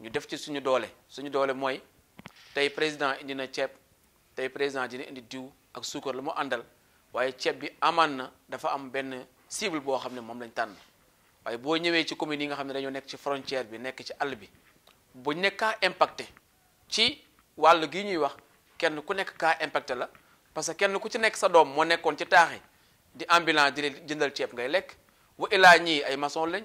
ñu def ci suñu doole suñu doole mooy tey président indi na ceeb tey président dina indi diw ak suukar lu mu àndal waaye ceeb bi amaan na dafa am benn cible boo xam ne moom lañ tànn waaye boo ñëwee ci communes yi nga xam ne dañoo nekk ci frontière bi nekk ci àll bi bu nekk kaa impacté ci wàll gi ñuy wax kenn ku nekk kaa impacté la parce que kenn ku ci nekk sa doom moo nekkoon ci taaxi di ambulant di jëndal ceeb ngay lekk wu ilaa ñii ay maçon lañ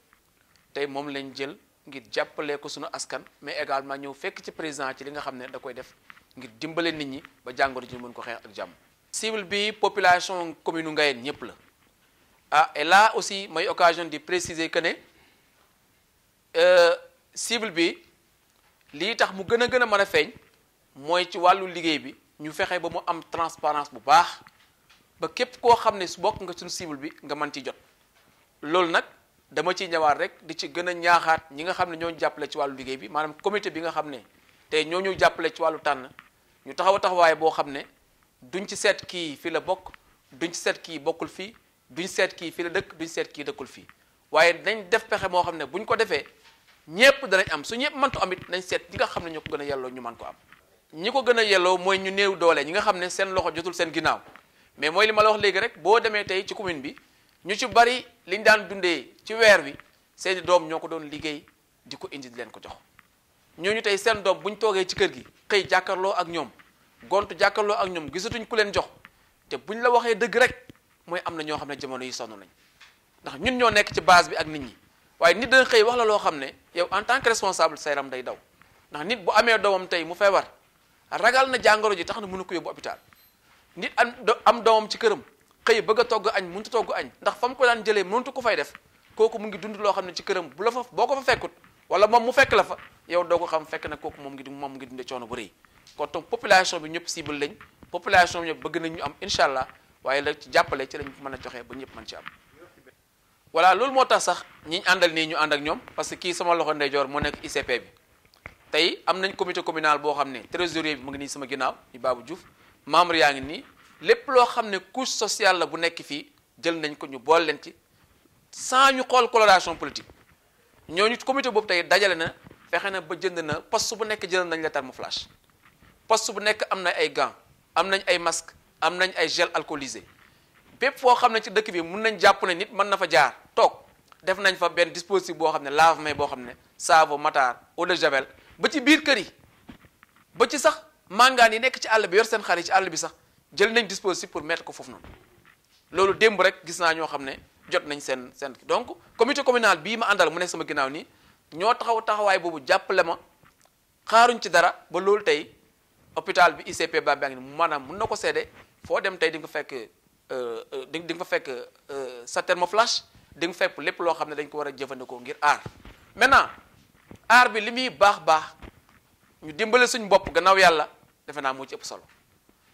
tey moom lañ jël ngir jàppale ko sunu askan mais également ñëw fekk ci président ci li nga xam ne da koy def ngir dimbale nit ñi ba jàngoro ji mën ko xeex ak jàmm. cible bi population commune Ngayeen ñëpp la ah et là aussi may occasion di préciser que ne euh, cible bi lii tax mu gën a gën a mën a feeñ mooy ci wàllu liggéey bi ñu fexe ba mu am transparence bu baax ba képp koo xam ne su bokk nga suñu cible bi nga mën ci jot loolu nag. dama ciy ñëwaat rek di ci gën a ñaaxaat ñi nga xam ne ñoo jàppale ci wàllu liggéey bi maanaam comité bi nga xam ne te ñoo ñu jàppale ci wàllu tànn ñu taxaw a taxawaay boo xam ne duñ ci seet kii fi la bokk duñ ci seet kii bokkul fii duñ seet kii fi la dëkk duñ seet kii dëkkul fii waaye nañ def pexe moo xam ne bu buñ ko defee ñépp danañ am su ñépp mëntu am it nañ seet ñi nga xam ne ñoo ko gën a yelloo ñu man ko am ñi ko gën a yelloo mooy ñu néew doole ñi nga xam ne seen loxo jotul seen ginnaaw mais mooy li ma la wax léegi rek boo demee tey ci commune bi ñu ci bari liñ daan dundee ci weer wi seeni doom ñoo ko doon liggéey di ko indi leen ko jox ñooñu tey seen doom buñ toogee ci kër gi xëy jàkkarloo ak ñoom gont jàkkarloo ak ñoom gisatuñ ku leen jox te buñ la waxee dëgg rek mooy am na ñoo xam ne jamono yi sonn nañ ndax ñun ñoo nekk ci base bi ak nit ñi waaye nit dañ xëy wax la loo xam ne yow en tant que responsable sa yaram day daw ndax nit bu amee doomam tey mu feebar ragal na jàngoro ji tax na mënu ko yóbbu hôpital nit am doomam ci këram xëy bëgg a togg añ mënut a togg añ ndax fa mu ko daan jëlee mënut ko fay def kooku mu ngi dund loo xam ne ci këram bu la fa boo ko fa fekkut wala moom mu fekk la fa yow doo ko xam fekk na kooku moom ngi moom ngi dundee coono bu rëy kon donc population bi ñëpp cible lañ population bi ñëpp bëgg nañu am incha allah waaye la ci jàppale ci lañ mën a joxee ba ñëpp mën ci am voilà loolu moo tax sax ñiñ àndal nii ñu ànd ak ñoom parce que kii sama loxo ndeyjoor moo nekk ICP bi tey am nañ comité communal boo xam ne trésorier bi mu ngi nii sama ginnaaw ñu Babou Diouf membre yaa ngi nii lépp loo xam ne couche sociale la bu nekk fii jël nañ ko ñu bool leen ci sans ñu xool coloration politique ñooñu comité boobu tey dajale na fexe na ba jënd na poste bu nekk jëlal nañ la thermoflash poste bu nekk am na ay gants am nañ ay masques am nañ ay gel alcoolisé bépp foo xam ne ci dëkk bi mun nañ jàpp ne nit mën na fa jaar toog def nañ fa benn dispositif boo xam ne lave-mains boo xam ne saabu mataar eau de javel ba ci biir kër yi ba ci sax màngaan yi nekk ci àll bi seen xar ci àll bi sax jël nañ dispositif pour mettre ko foofu noonu loolu démb rek gis naa ñoo xam ne jot nañ seen seen donc comité communal bii ma àndal mu nekk sama ginnaaw nii ñoo taxaw taxawaay boobu jàppale ma xaaruñ ci dara ba loolu tey hôpital bi ICP ba baa ngi maanaam mun na ko seede foo dem tey di nga fekk euh, euh, di di nga fekk euh, sa thermoflash di nga fekk lépp loo xam ne dañ ko war a jëfandikoo ngir aar maintenant aar bi li muy baax baax ñu dimbale suñ bopp gannaaw yàlla defe naa moo ci ëpp solo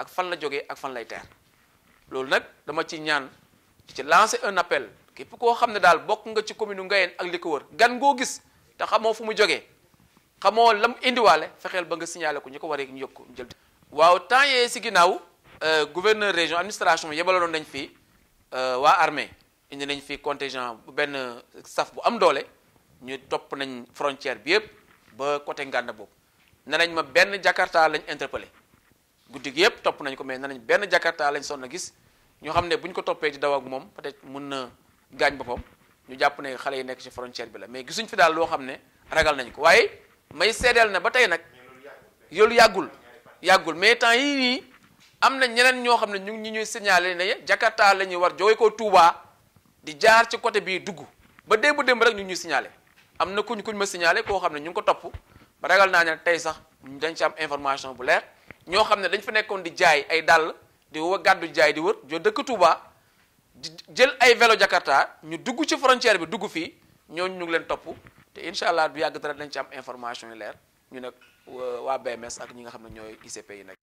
ak fan la jógee ak fan lay teer loolu nag dama ci ñaan ci lancer un appel képp koo xam ne daal bokk nga ci commune Ngayeen ak li ko wër gan ngoo gis te xamoo fu mu jógee xamoo lam indiwaale fexeel ba nga signaale ko ñu ko waree ñu yëg ko jël. waaw temps yee si ginnaaw euh, gouverneur région administration yebaloon nañ fi euh, waa armée indi nañ fi contingent bu benn saf bu am doole ñu topp nañ frontière bi yëpp ba côté Nganda boobu ne nañ ma benn Jakarta lañ interpellé. guddi gi yëpp topp nañ ko mais nee nañ benn jakarta lañ sonn gis ñoo xam ne bu ñu ko toppee di daw ak moom peut-être mën na gaañ boppam ñu jàpp ne xale yi nekk ci frontière bi la mais gisuñ fi daal loo xam ne ragal nañ ko waaye may seedeel ne ba tey nag yoolu yàggul yàggul mais temps yii am na ñeneen ñoo xam ne ñu ngi ñuy signalé ne jakarta la ñuy war jóge ko Touba di jaar ci côté bii dugg ba démb démb rek ñu ñuy signalé am na kuñ kuñ ma signalé koo xam ne ñu ngi ko topp ba ragal naa ne tey sax dañ ci am information bu leer ñoo xam ne dañ fa nekkoon di jaay ay dàll di wa gàddu jaay di wër joo dëkk Touba di jël ay vélo Jakarta ñu dugg ci frontière bi dugg fii ñooñu ñu ngi leen topp te incha allah du yàgg dara dañ ci am information yu leer ñu nag waa BMS ak ñi nga xam ne ñooy ICP yi nag